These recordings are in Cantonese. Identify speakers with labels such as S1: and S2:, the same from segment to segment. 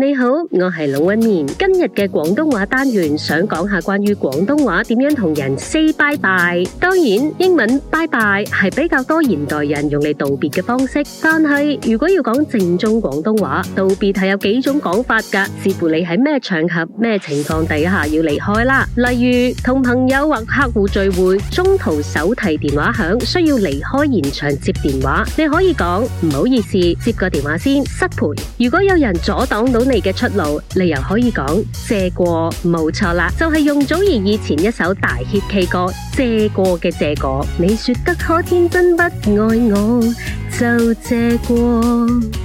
S1: 你好，我係老温。今日嘅廣東話單元，想講下關於廣東話點樣同人 say bye bye。當然，英文 bye bye 係比較多現代人用嚟道別嘅方式。但係如果要講正宗廣東話道別，係有幾種講法㗎，視乎你喺咩場合、咩情況底下要離開啦。例如同朋友或客戶聚會，中途手提電話響，需要離開現場接電話，你可以講，唔好意思，接個電話先，失陪。如果有人阻擋到。你嘅出路，你又可以講借過，冇錯啦，就係、是、容祖兒以前一首大 hit K 歌借過嘅借過，你說得可天真不愛我，就借過，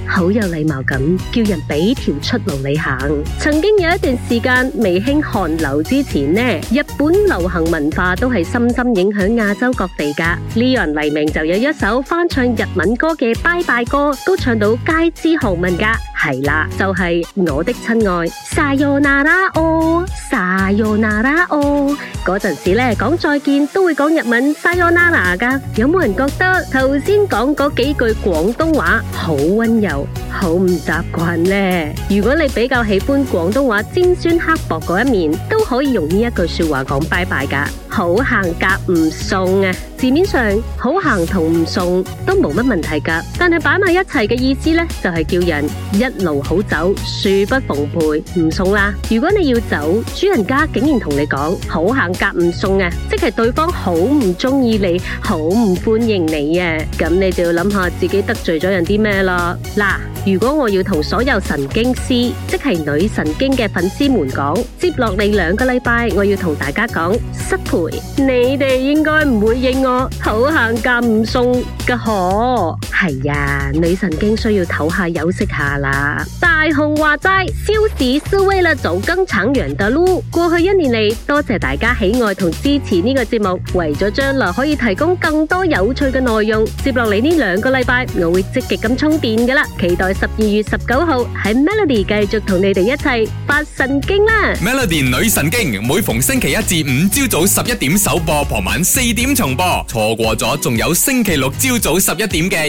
S1: 好有禮貌咁叫人俾條出路你行。曾經有一段時間未興韓流之前呢，日本流行文化都係深深影響亞洲各地噶。呢一輪黎明就有一首翻唱日文歌嘅拜拜歌，都唱到街知巷聞噶。係啦，就係、是、我的親愛，Sayonara 哦，Sayonara 哦。嗰陣時咧，講再見都會講日文 Sayonara 㗎。有冇人覺得頭先講嗰幾句廣東話好溫柔？好唔習慣呢。如果你比較喜歡廣東話尖酸刻薄嗰一面，都可以用呢一句話說話講拜拜噶。好行夾唔送啊，字面上好行同唔送都冇乜問題噶。但係擺埋一齊嘅意思呢，就係、是、叫人一路好走，恕不奉陪，唔送啦。如果你要走，主人家竟然同你講好行夾唔送啊，即係對方好唔中意你，好唔歡迎你啊。咁你就要諗下自己得罪咗人啲咩啦。嗱。如果我要同所有神經師，即係女神經嘅粉絲們講，接落嚟，兩個禮拜，我要同大家講，失陪， 你哋應該唔會應我，好行咁送嘅啩。係啊，女神經需要唞下休息下啦。大雄話齋，休息是為了走更長遠的路。過去一年嚟，多謝大家喜愛同支持呢個節目，為咗將來可以提供更多有趣嘅內容，接落嚟呢兩個禮拜我會積極咁充電噶啦。期待十二月十九號喺 Melody 繼續同你哋一齊發神經啦。
S2: Melody 女神經每逢星期一至五朝早十一點首播，傍晚四點重播，錯過咗仲有星期六朝早十一點嘅。